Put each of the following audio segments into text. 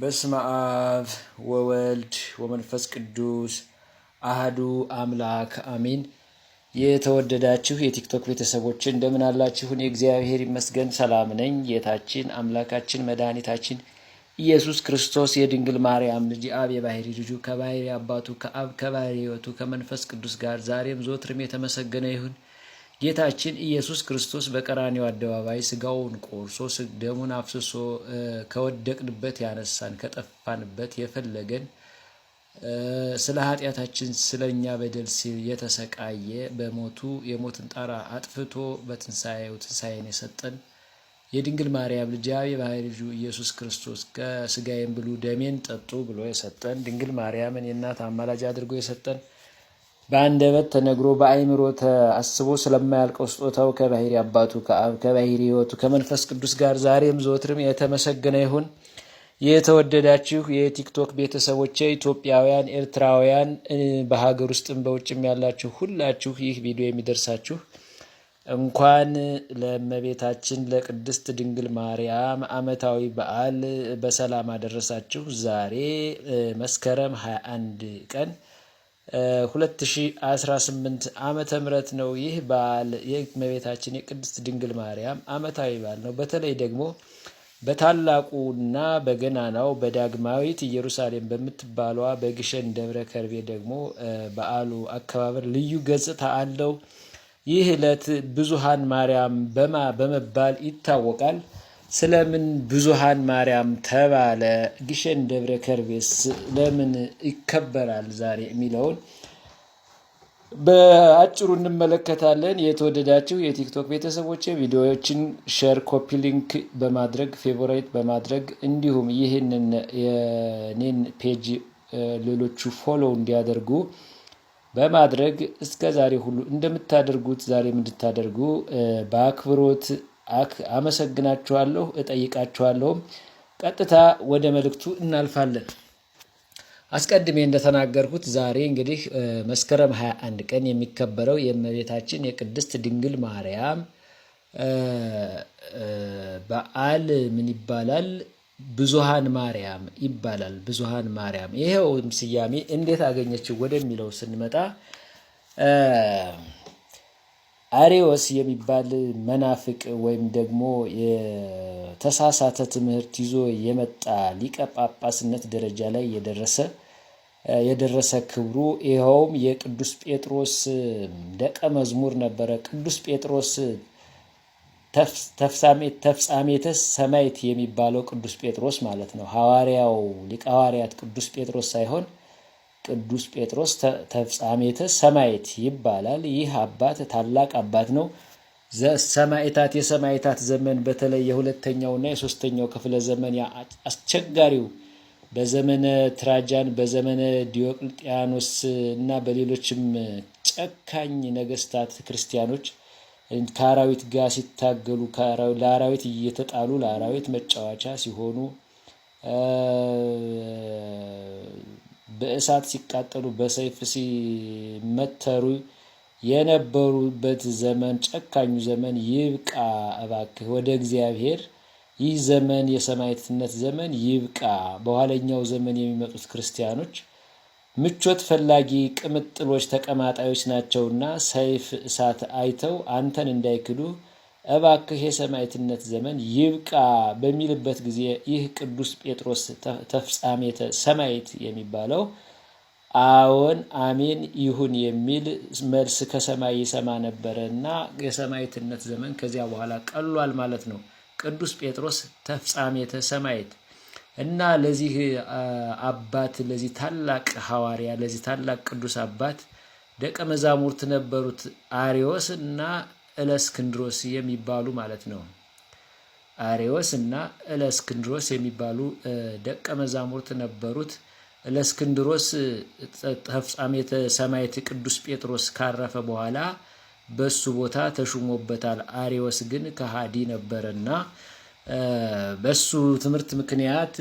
በስመ አብ ወወልድ ወመንፈስ ቅዱስ አህዱ አምላክ አሚን። የተወደዳችሁ የቲክቶክ ቤተሰቦች እንደምን አላችሁ? እኔ እግዚአብሔር ይመስገን ሰላም ነኝ። ጌታችን አምላካችን መድኃኒታችን ኢየሱስ ክርስቶስ የድንግል ማርያም ልጅ የአብ የባህሪ ልጁ ከባህሪ አባቱ ከአብ ከባህሪ ሕይወቱ ከመንፈስ ቅዱስ ጋር ዛሬም ዘወትርም የተመሰገነ ይሁን። ጌታችን ኢየሱስ ክርስቶስ በቀራኒው አደባባይ ስጋውን ቆርሶ ደሙን አፍስሶ ከወደቅንበት ያነሳን ከጠፋንበት የፈለገን ስለ ኃጢአታችን ስለ እኛ በደል የተሰቃየ በሞቱ የሞትን ጣራ አጥፍቶ በትንሣኤው ትንሣኤን የሰጠን የድንግል ማርያም ልጅ የባህሪ ልጁ ኢየሱስ ክርስቶስ ከስጋዬን ብሉ ደሜን ጠጡ ብሎ የሰጠን ድንግል ማርያምን የእናት አማላጅ አድርጎ የሰጠን በአንደበት ተነግሮ በአይምሮ ተአስቦ ስለማያልቀው ስጦታው ከባሕሪ አባቱ ከአብ ከባሕሪ ሕይወቱ ከመንፈስ ቅዱስ ጋር ዛሬም ዘወትርም የተመሰገነ ይሁን። የተወደዳችሁ የቲክቶክ ቤተሰቦቼ ኢትዮጵያውያን፣ ኤርትራውያን በሀገር ውስጥም በውጭም ያላችሁ ሁላችሁ ይህ ቪዲዮ የሚደርሳችሁ እንኳን ለእመቤታችን ለቅድስት ድንግል ማርያም ዓመታዊ በዓል በሰላም አደረሳችሁ። ዛሬ መስከረም 21 ቀን 2018 ዓመተ ምህረት ነው። ይህ በዓል የእመቤታችን የቅድስት ድንግል ማርያም ዓመታዊ በዓል ነው። በተለይ ደግሞ በታላቁና በገናናው በዳግማዊት ኢየሩሳሌም በምትባሏ በግሸን ደብረ ከርቤ ደግሞ በዓሉ አከባበር ልዩ ገጽታ አለው። ይህ ዕለት ብዙሃን ማርያም በማ በመባል ይታወቃል። ስለምን ብዙሃን ማርያም ተባለ? ግሸን ደብረ ከርቤስ ለምን ይከበራል ዛሬ የሚለውን በአጭሩ እንመለከታለን። የተወደዳችሁ የቲክቶክ ቤተሰቦች ቪዲዮዎችን ሸር፣ ኮፒ ሊንክ በማድረግ ፌቮራይት በማድረግ እንዲሁም ይህንን የኔን ፔጅ ሌሎቹ ፎሎው እንዲያደርጉ በማድረግ እስከ ዛሬ ሁሉ እንደምታደርጉት ዛሬም እንድታደርጉ በአክብሮት አመሰግናችኋለሁ፣ እጠይቃችኋለሁም። ቀጥታ ወደ መልእክቱ እናልፋለን። አስቀድሜ እንደተናገርኩት ዛሬ እንግዲህ መስከረም 21 ቀን የሚከበረው የእመቤታችን የቅድስት ድንግል ማርያም በዓል ምን ይባላል? ብዙሃን ማርያም ይባላል። ብዙሃን ማርያም ይሄውም ስያሜ እንዴት አገኘችው ወደሚለው ስንመጣ አሬዎስ የሚባል መናፍቅ ወይም ደግሞ የተሳሳተ ትምህርት ይዞ የመጣ ሊቀ ጳጳስነት ደረጃ ላይ የደረሰ የደረሰ ክብሩ ይኸውም የቅዱስ ጴጥሮስ ደቀ መዝሙር ነበረ። ቅዱስ ጴጥሮስ ተፍጻሜተ ሰማይት የሚባለው ቅዱስ ጴጥሮስ ማለት ነው። ሐዋርያው ሊቀ ሐዋርያት ቅዱስ ጴጥሮስ ሳይሆን ቅዱስ ጴጥሮስ ተፍጻሜተ ሰማይት ይባላል። ይህ አባት ታላቅ አባት ነው። ሰማይታት የሰማይታት ዘመን በተለይ የሁለተኛውና የሶስተኛው ክፍለ ዘመን አስቸጋሪው በዘመነ ትራጃን በዘመነ ዲዮቅልጥያኖስ እና በሌሎችም ጨካኝ ነገስታት ክርስቲያኖች ከአራዊት ጋር ሲታገሉ ለአራዊት እየተጣሉ ለአራዊት መጫወቻ ሲሆኑ በእሳት ሲቃጠሉ በሰይፍ ሲመተሩ የነበሩበት ዘመን ጨካኙ ዘመን ይብቃ። እባክህ ወደ እግዚአብሔር ይህ ዘመን የሰማዕትነት ዘመን ይብቃ። በኋለኛው ዘመን የሚመጡት ክርስቲያኖች ምቾት ፈላጊ ቅምጥሎች፣ ተቀማጣዮች ናቸውና ሰይፍ፣ እሳት አይተው አንተን እንዳይክዱ እባክህ የሰማዕትነት ዘመን ይብቃ በሚልበት ጊዜ ይህ ቅዱስ ጴጥሮስ ተፍጻሜተ ሰማዕት የሚባለው አዎን አሜን ይሁን የሚል መልስ ከሰማይ ይሰማ ነበረ እና የሰማዕትነት ዘመን ከዚያ በኋላ ቀሏል ማለት ነው። ቅዱስ ጴጥሮስ ተፍጻሜተ ሰማዕት እና ለዚህ አባት ለዚህ ታላቅ ሐዋርያ ለዚህ ታላቅ ቅዱስ አባት ደቀ መዛሙርት ነበሩት አሪዎስ እና እለስክንድሮስ የሚባሉ ማለት ነው። አሬዎስ እና እለስክንድሮስ የሚባሉ ደቀ መዛሙርት ነበሩት። እለስክንድሮስ ተፍጻሜተ ሰማዕት ቅዱስ ጴጥሮስ ካረፈ በኋላ በሱ ቦታ ተሹሞበታል። አሬዎስ ግን ከሃዲ ነበረና በሱ ትምህርት ምክንያት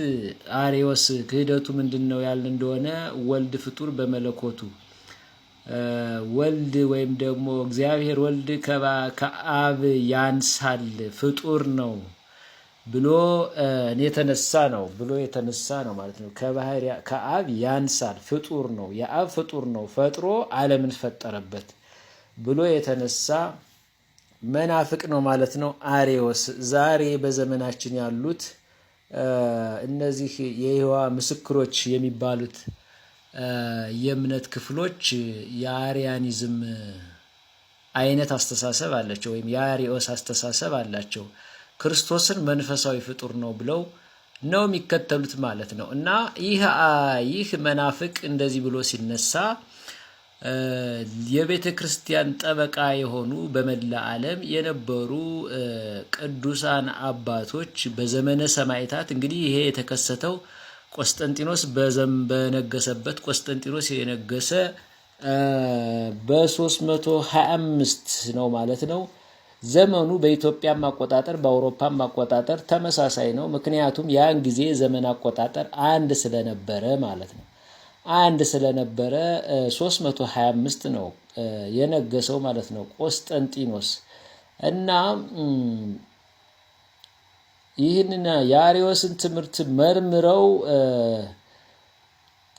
አሬዎስ ክህደቱ ምንድን ነው ያል እንደሆነ ወልድ ፍጡር በመለኮቱ ወልድ ወይም ደግሞ እግዚአብሔር ወልድ ከአብ ያንሳል ፍጡር ነው ብሎ የተነሳ ነው ብሎ የተነሳ ነው ማለት ነው። ከአብ ያንሳል ፍጡር ነው የአብ ፍጡር ነው ፈጥሮ ዓለምን ፈጠረበት ብሎ የተነሳ መናፍቅ ነው ማለት ነው። አሬዎስ ዛሬ በዘመናችን ያሉት እነዚህ የይሖዋ ምስክሮች የሚባሉት የእምነት ክፍሎች የአሪያኒዝም አይነት አስተሳሰብ አላቸው ወይም የአሪዮስ አስተሳሰብ አላቸው። ክርስቶስን መንፈሳዊ ፍጡር ነው ብለው ነው የሚከተሉት ማለት ነው። እና ይህ ይህ መናፍቅ እንደዚህ ብሎ ሲነሳ የቤተ ክርስቲያን ጠበቃ የሆኑ በመላ ዓለም የነበሩ ቅዱሳን አባቶች በዘመነ ሰማዕታት እንግዲህ ይሄ የተከሰተው ቆስጠንጢኖስ በዘም በነገሰበት ቆስጠንጢኖስ የነገሰ በ325 ነው ማለት ነው። ዘመኑ በኢትዮጵያም አቆጣጠር በአውሮፓም አቆጣጠር ተመሳሳይ ነው። ምክንያቱም ያን ጊዜ ዘመን አቆጣጠር አንድ ስለነበረ ማለት ነው። አንድ ስለነበረ 325 ነው የነገሰው ማለት ነው ቆስጠንጢኖስ እና ይህንን የአሪዎስን ትምህርት መርምረው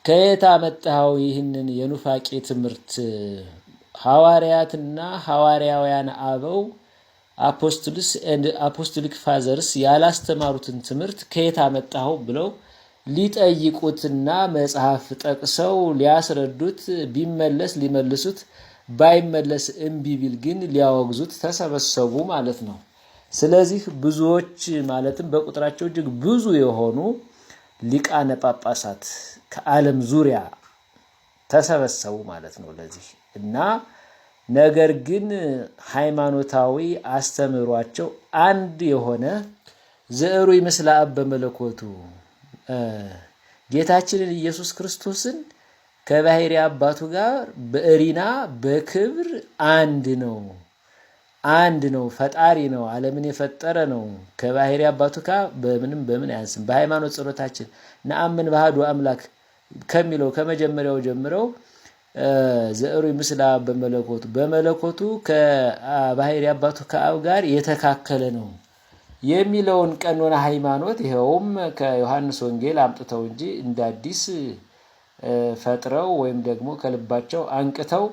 ከየት አመጣኸው ይህንን የኑፋቄ ትምህርት? ሐዋርያትና ሐዋርያውያን አበው አፖስትልስ አፖስቶሊክ ፋዘርስ ያላስተማሩትን ትምህርት ከየት አመጣኸው ብለው ሊጠይቁትና መጽሐፍ ጠቅሰው ሊያስረዱት ቢመለስ ሊመልሱት ባይመለስ እምቢ ቢል ግን ሊያወግዙት ተሰበሰቡ ማለት ነው። ስለዚህ ብዙዎች ማለትም በቁጥራቸው እጅግ ብዙ የሆኑ ሊቃነ ጳጳሳት ከዓለም ዙሪያ ተሰበሰቡ ማለት ነው ለዚህ እና ነገር ግን ሃይማኖታዊ አስተምሯቸው አንድ የሆነ ዘእሩ ይመስለ አብ በመለኮቱ ጌታችንን ኢየሱስ ክርስቶስን ከባህሪ አባቱ ጋር በእሪና በክብር አንድ ነው አንድ ነው፣ ፈጣሪ ነው፣ ዓለምን የፈጠረ ነው። ከባህሪ አባቱ ካ በምንም በምን አያንስም። በሃይማኖት ጸሎታችን ነአምን ባህዱ አምላክ ከሚለው ከመጀመሪያው ጀምረው ዘሩ ምስላ በመለኮቱ በመለኮቱ ከባህሪ አባቱ ከአብ ጋር የተካከለ ነው የሚለውን ቀኖና ሃይማኖት ይኸውም ከዮሐንስ ወንጌል አምጥተው እንጂ እንደ አዲስ ፈጥረው ወይም ደግሞ ከልባቸው አንቅተው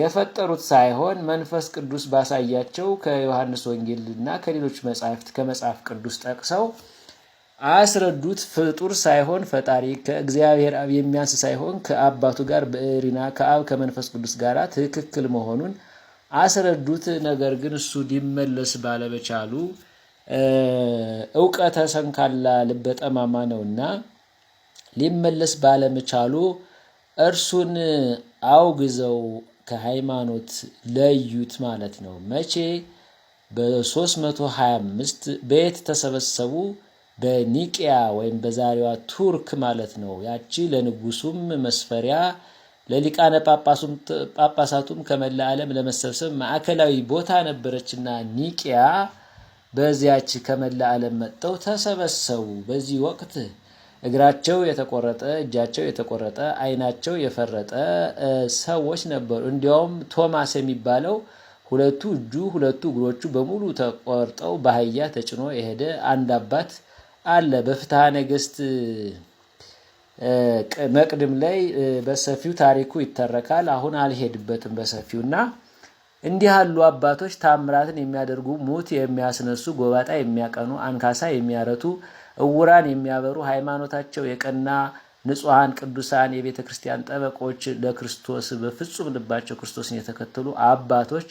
የፈጠሩት ሳይሆን መንፈስ ቅዱስ ባሳያቸው ከዮሐንስ ወንጌል እና ከሌሎች መጽሐፍት ከመጽሐፍ ቅዱስ ጠቅሰው አስረዱት። ፍጡር ሳይሆን ፈጣሪ ከእግዚአብሔር አብ የሚያንስ ሳይሆን ከአባቱ ጋር በዕሪና ከአብ ከመንፈስ ቅዱስ ጋር ትክክል መሆኑን አስረዱት። ነገር ግን እሱ ሊመለስ ባለመቻሉ እውቀተ ሰንካላ ልበ ጠማማ ነውና ሊመለስ ባለመቻሉ እርሱን አውግዘው ከሃይማኖት ለዩት ማለት ነው። መቼ? በ325 በየት ተሰበሰቡ? በኒቅያ ወይም በዛሬዋ ቱርክ ማለት ነው። ያቺ ለንጉሱም መስፈሪያ ለሊቃነ ጳጳሳቱም ከመላ ዓለም ለመሰብሰብ ማዕከላዊ ቦታ ነበረችና ኒቅያ በዚያች ከመላ ዓለም መጥተው ተሰበሰቡ። በዚህ ወቅት እግራቸው የተቆረጠ፣ እጃቸው የተቆረጠ፣ አይናቸው የፈረጠ ሰዎች ነበሩ። እንዲያውም ቶማስ የሚባለው ሁለቱ እጁ ሁለቱ እግሮቹ በሙሉ ተቆርጠው በአህያ ተጭኖ የሄደ አንድ አባት አለ። በፍትሐ ነገሥት መቅድም ላይ በሰፊው ታሪኩ ይተረካል። አሁን አልሄድበትም በሰፊው እና እንዲህ ያሉ አባቶች ታምራትን የሚያደርጉ ሙት የሚያስነሱ፣ ጎባጣ የሚያቀኑ፣ አንካሳ የሚያረቱ እውራን የሚያበሩ ሃይማኖታቸው የቀና ንጹሐን ቅዱሳን የቤተ ክርስቲያን ጠበቆች ለክርስቶስ በፍጹም ልባቸው ክርስቶስን የተከተሉ አባቶች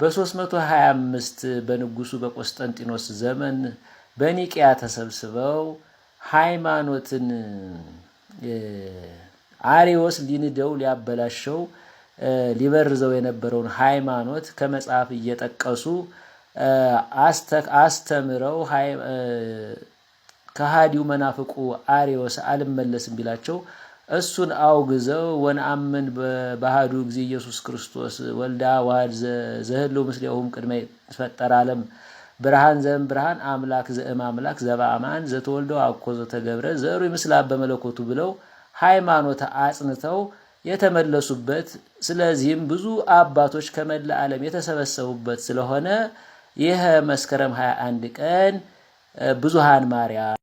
በ325 በንጉሱ በቆስጠንጢኖስ ዘመን በኒቅያ ተሰብስበው ሃይማኖትን አሪዎስ ሊንደው ሊያበላሸው ሊበርዘው የነበረውን ሃይማኖት ከመጽሐፍ እየጠቀሱ አስተምረው ከሃዲው መናፍቁ አሪዮስ አልመለስም ቢላቸው እሱን አውግዘው ወነአምን በባህዱ ጊዜ ኢየሱስ ክርስቶስ ወልዳ ዋህድ ዘህሎ ምስሌሁም ቅድመ ፈጠረ ዓለም ብርሃን ዘም ብርሃን አምላክ ዘእም አምላክ ዘበአማን ዘተወልዶ አኮ ዘተገብረ ዘሩ ምስላብ በመለኮቱ ብለው ሃይማኖት አጽንተው የተመለሱበት ስለዚህም ብዙ አባቶች ከመላ ዓለም የተሰበሰቡበት ስለሆነ ይህ መስከረም 21 ቀን ብዙሃን ማርያም